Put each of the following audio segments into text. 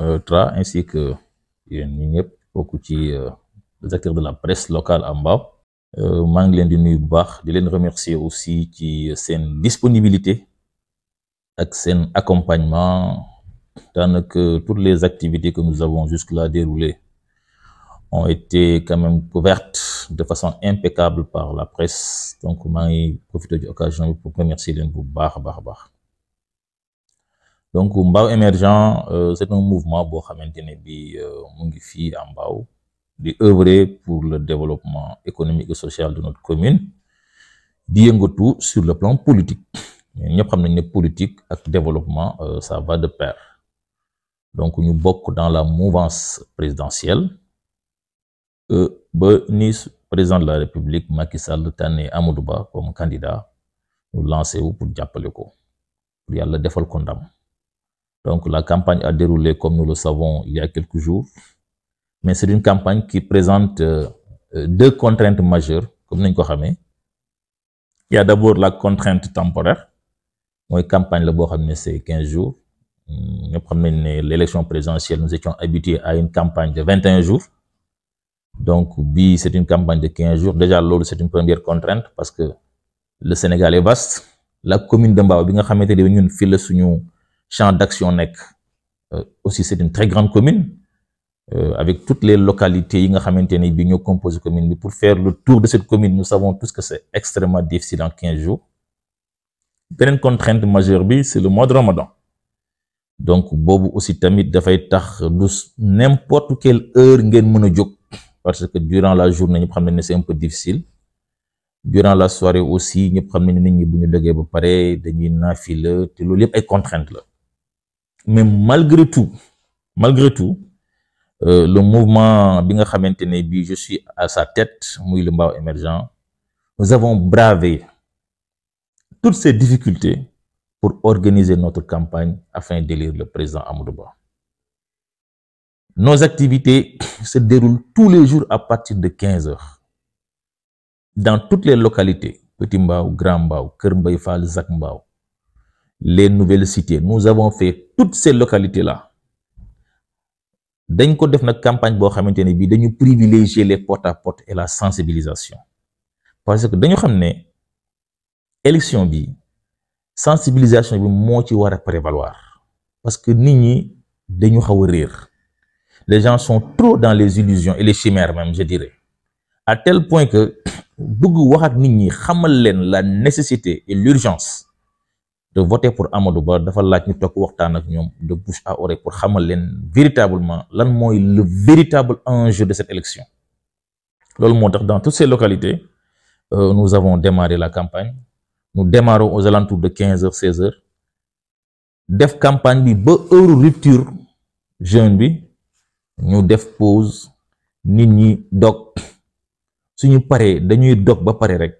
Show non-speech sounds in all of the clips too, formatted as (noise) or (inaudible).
Euh, Tra ainsi que beaucoup ñi euh, les acteurs de la presse locale en bas. euh mang leen di remercier aussi ci sen disponibilité ak son accompagnement que toutes les activités que nous avons jusque-là déroulées ont été quand même couvertes de façon impeccable par la presse donc je profite de l'occasion pour remercier leen bu baax donc Mbao émergent euh, c'est un mouvement qui a été bi euh, œuvrer pour le développement économique et social de notre commune di tout sur le plan politique il xam a politique ak développement euh, ça va de pair donc nous sommes dans la mouvance présidentielle Le président de la République Macky Sall Amodouba, Amadou comme candidat Nous lancé pour le Il y le le défaut condamné. Donc la campagne a déroulé, comme nous le savons, il y a quelques jours. Mais c'est une campagne qui présente euh, euh, deux contraintes majeures, comme nous le Il y a d'abord la contrainte temporaire. Moi, campagne, le c'est 15 jours. Hum, l'élection présidentielle, nous étions habitués à une campagne de 21 jours. Donc, bi, c'est une campagne de 15 jours. Déjà, l'autre, c'est une première contrainte parce que le Sénégal est vaste. La commune d'Ambawa, nous avons champ d'action Nek, euh, aussi c'est une très grande commune euh, avec toutes les localités yi nga xamante bi ñu de commune Mais pour faire le tour de cette commune nous savons tous que c'est extrêmement difficile en 15 jours Une contrainte majeure bi c'est le mois de Ramadan donc bobu aussi tamit fay tax n'importe quelle heure ngeen parce que durant la journée c'est un peu difficile durant la soirée aussi il y a des nit ñi bu ñu ba dañuy contraintes mais malgré tout malgré tout euh, le mouvement Binga nga Tenebi, je suis à sa tête émergent nous avons bravé toutes ces difficultés pour organiser notre campagne afin d'élire le président Amadou nos activités (coughs) se déroulent tous les jours à partir de 15 h dans toutes les localités Petit Mbao Grand Mbao Zak les nouvelles cités nous avons fait toutes ces localités là Nous avons fait une campagne pour privilégier les porte à porte et la sensibilisation parce que nous fait une élection la sensibilisation est très ci prévaloir parce que nous, ñi fait xaw les gens sont trop dans les illusions et les chimères même je dirais à tel point que nous, avons fait la nécessité et l'urgence de voter pour Amadou Ba dafa laaj ñu toog ak ñom de bouche à oreille pour xamal véritablement lan moy le véritable enjeu de cette élection dans toutes ces localités euh, nous avons démarré la campagne nous démarrons aux alentours de 15h-16h. def campagne bi ba heure rupture jeune bi ñu def pause nit ñi dog suñu paré dañuy dog ba paré rek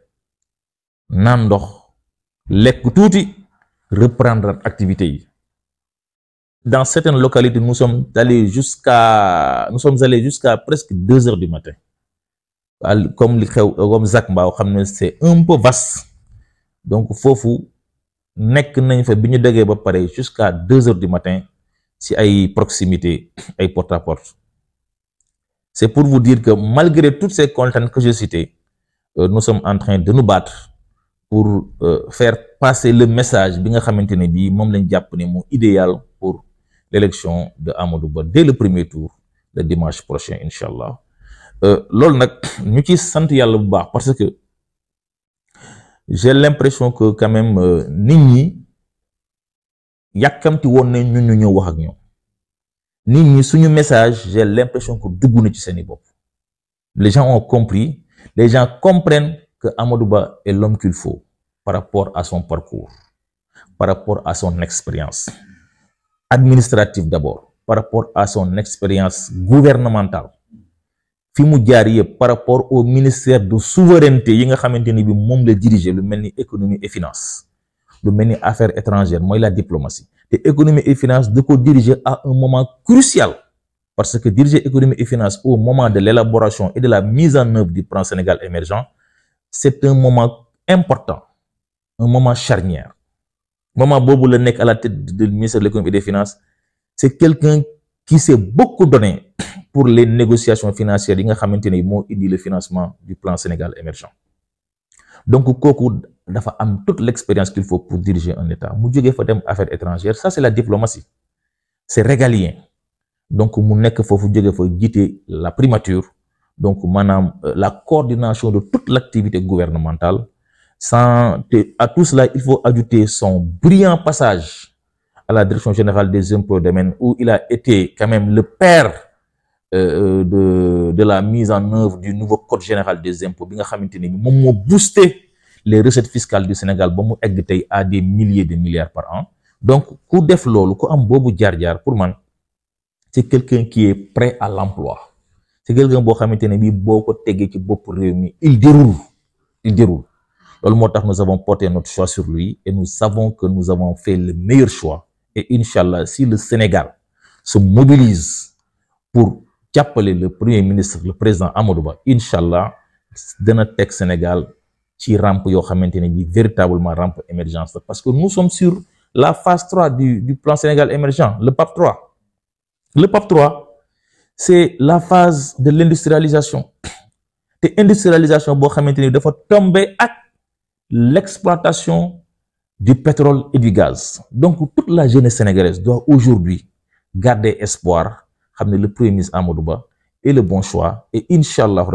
naan ndox lek touti reprendre activité dans certaines localités nous sommes allés jusqu'à nous sommes allés jusqu'à presque 2 heures du matin comme comme c'est un peu vaste donc il faut nañ fa biñu ba jusqu'à 2 heures du matin si ay proximité ay porte à porte c'est pour vous dire que malgré toutes ces contraintes que j'ai citées euh, nous sommes en train de nous battre pour euh, faire passer le message bi nga xamante bi mom lañ idéal pour l'élection de Amadou dès le premier tour le dimanche prochain Inshallah. Je suis nak ñu ci parce que j'ai l'impression que quand même euh, nit ñi yakamti won né ñu ñu ñoo wax ak ñoo nit ñi suñu message j'ai l'impression que ci les gens ont compris les gens comprennent que Amadouba est l'homme qu'il faut par rapport à son parcours, par rapport à son expérience administrative d'abord, par rapport à son expérience gouvernementale. par rapport au ministère de souveraineté il y a un bi qui la diriger le économie et finance le mel affaires étrangères la diplomatie Et économie et finances de ko diriger à un moment crucial parce que diriger économie et finances au moment de l'élaboration et de la mise en œuvre du plan Sénégal émergent c'est un moment important un moment charnière moment Bobo, la est à la tête du ministère de l'économie et des finances c'est quelqu'un qui s'est beaucoup donné (coughs) pour les négociations financières Il nga le financement du plan Sénégal émergent donc Koko a toute l'expérience qu'il faut pour diriger un État Il faut fa des affaires étrangères ça c'est la diplomatie c'est régalien donc il faut quitter la primature donc Madame, euh, la coordination de toute l'activité gouvernementale sans à tout cela il faut ajouter son brillant passage à la direction générale des impôts domaines où il a été quand même le père euh, euh, de de la mise en œuvre du nouveau code général des impôts Il a boosté les recettes fiscales du Sénégal à des milliers de milliards par an donc pour moi, c'est quelqu'un qui est prêt à l'emploi c'est quelqu'un il déroule il déroule nous avons porté notre choix sur lui et nous savons que nous avons fait le meilleur choix et Inshallah, si le Sénégal se mobilise pour appeler le premier ministre le président Amadou Ba c'est notre texte Sénégal ci rampe véritablement rampe émergence parce que nous sommes sur la phase 3 du plan Sénégal émergent le PAP 3 le PAP 3 c'est la phase de l'industrialisation te industrialisation tomber xamante l'exploitation du pétrole et du gaz donc toute la jeunesse sénégalaise doit aujourd'hui garder espoir le premier ministre le bon choix et Inshallah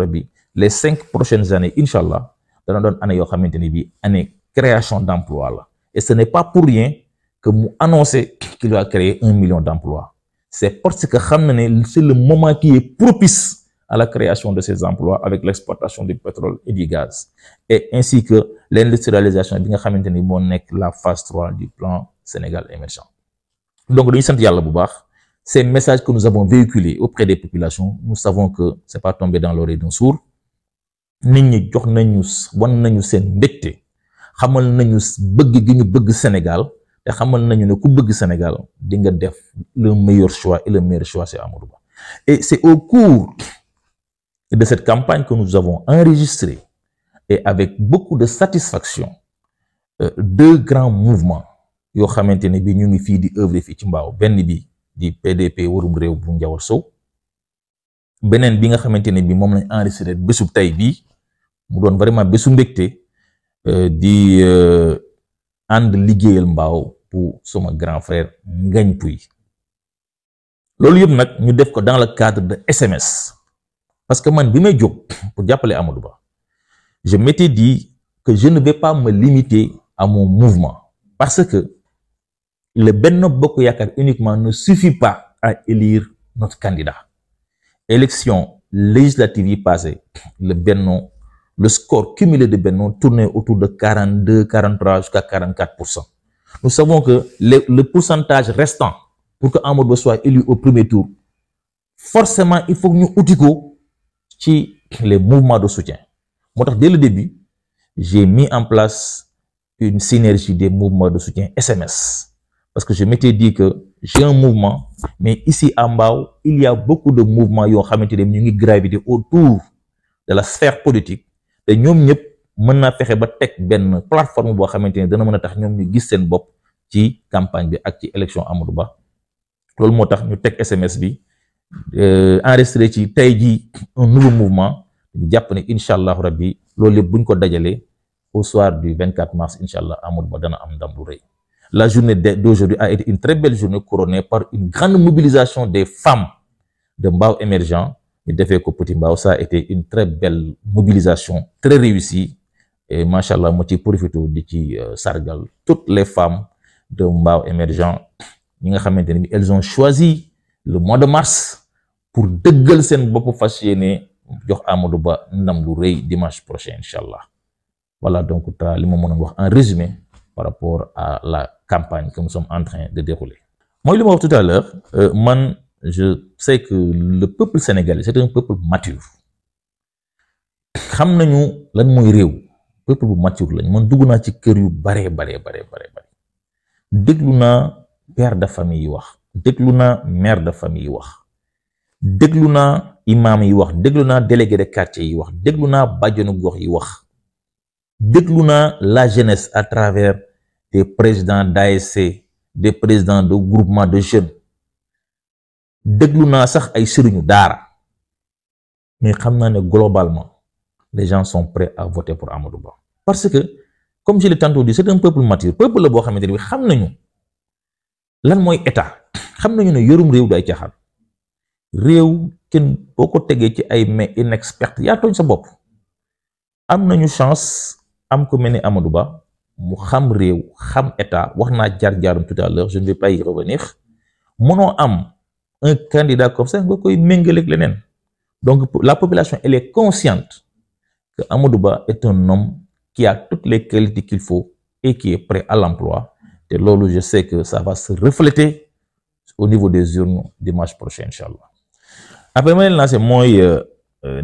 les cinq prochaines années Inshallah. dans dana année création d'emplois. et ce n'est pas pour rien que nous annoncer qu'il va créer un million d'emplois c'est parce que xam c'est le moment qui est propice à la création de ces emplois avec l'exploitation du pétrole et du gaz et ainsi que l'industrialisation bi nga xamante ni la phase 3 du plan Sénégal émergent donc nous sommes yàlla bu baax ces messages que nous avons véhiculés auprès des populations nous savons que c'est pas tombé dans l'oreille d'un sourd nous avons jox nañu wan nañu seen mbégte xamal nañu bëgg gi ñu bëgg Sénégal te xamal nañu ne ku bëgg Sénégal di nga def le meilleur choix et le meilleur choix c'est Amadou Ba et c'est au cours de cette campagne que nous avons enregistré et avec beaucoup de satisfaction euh, deux grands mouvements yoo xamante ne bi ñu ngi fii di œuvre fii ci mbaaw benn bi di PDP warum réew bu Njawar Sow beneen bi nga xamante ne bi moom lañ enregistré bésub tey bii mu doon vraiment bésu mbégte euh, di euh, And liggéeyal mbaaw pour sama grand frère Ngagne puy lolou yëpp nak ñu def ko dans le cadre de SMS parce que man bi may pour jàppale Amadou Ba je m'étais dit que je ne vais pas me limiter à mon mouvement parce que le Benno Bokk yakar uniquement ne suffit pas à élire notre candidat élection législative passée, le Benno le score cumulé de Benno tournait autour de 42, 43 jusqu'à 44 Nous savons que le, pourcentage restant pour que Amadou soit élu au premier tour, forcément, il faut que nous outillons les mouvements de soutien. dès le début, j'ai mis en place une synergie des mouvements de soutien SMS. Parce que je m'étais dit que j'ai un mouvement, mais ici en bas, il y a beaucoup de mouvements qui ont gravité autour de la sphère politique nous nous, ñëpp une ba plateforme qui xamante dana mëna a tax ñom ñu gis campagne bi ak ci élection Amadou Ba loolu moo ñu tek SMS bi euh, enregistrer ci un nouveau mouvement ñu japp né inshallah rabbi buñ ko au soir du 24 mars inshallah, à Amadou Ba dana am la journée d'aujourd'hui a été une très belle journée couronnée par une grande mobilisation des femmes de Mbao émergent mais defee ko ça a été une très belle mobilisation très réussie et machallah, pour pour le de di euh, sargal toutes les femmes de Mbao émergent elles ont choisi le mois de mars pour dégueuler sen bop fas jox Amadou Ba ndam lu dimanche prochain Inshallah voilà donc ta li wax en résumé par rapport à la campagne que nous sommes en train de dérouler moi li wax tout à l'heure euh, man je sais que le peuple sénégalais c'est un peuple mature sais nous lan mooy peuple mature lañ man ci yu père de famille yi wax nous mère de famille yi wax imam yi wax délégué de quartier yi wax gox yi la jeunesse à travers des présidents d'ASC des présidents de groupement de jeunes déglu na sax ay daara mais ne globalement les gens sont prêts à voter pour Amadouba. parce que comme je l'ai tantôt dit c'est un peuple mature peuple la boo ne bi xam nañu lan mooy état xam nañu ne réew du ay caaxaan réew kenn boo ko ci ay mais inexpert sa chance am mu tout à l'heure je ne vais pas y revenir am un candidat comme ça nga avec les leneen donc la population elle est consciente que Amadou est un homme qui a toutes les qualités qu'il faut et qui est prêt à l'emploi Et là, je sais que ça va se refléter au niveau des urnes dimanche prochain incha après moi, c'est moi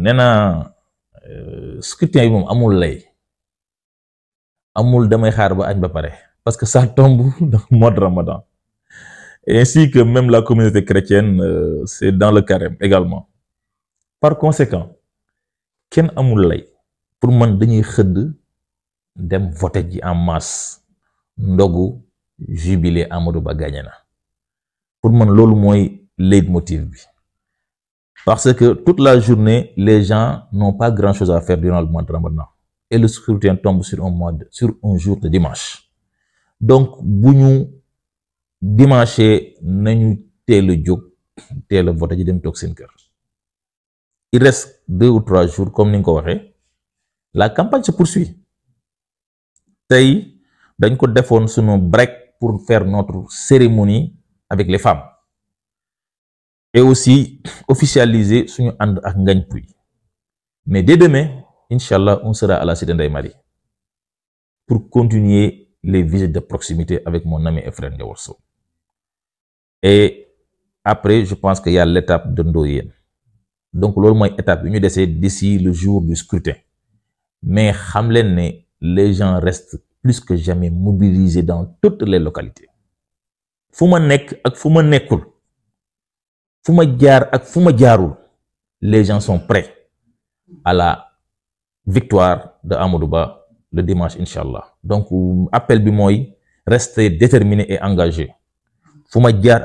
nena nee euh, scrutin bi Amoudouba. amul lay amul damay ba parce que ça tombe (laughs) dans le mois de Ramadan ainsi que même la communauté chrétienne, euh, c'est dans le carême également. Par conséquent, ken amul lay pour man dañuy xëdd dem voter en masse ndogu jubilé Amadou Ba na pour man c'est le leitmotiv parce que toute la journée les gens n'ont pas grand chose à faire durant le mois de Ramadan et le scrutin tombe sur un sur un jour de dimanche donc si dimanche nous teel le le vote a voté ji il reste deux ou trois jours comme nous l'avons ko la campagne se poursuit tay dañ ko defoon sunu break pour faire notre cérémonie avec les femmes et aussi officialiser suñu que ak Ngagne mais dès demain inchallah, on sera à la cité de Marie pour continuer les visites de proximité avec mon ami et frère Ndiawar et après je pense qu'il y a l'étape de Ndoyen donc l'autre étape d'ici le jour du scrutin mais les gens restent plus que jamais mobilisés dans toutes les localités Fuma nek, ak fuma les gens sont prêts à la victoire de Amadou le dimanche inshallah donc appel bi Moy, rester déterminé et engagé il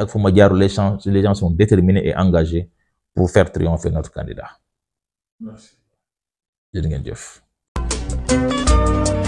faut les gens les gens sont déterminés et engagés pour faire triompher notre candidat. Merci. Je vous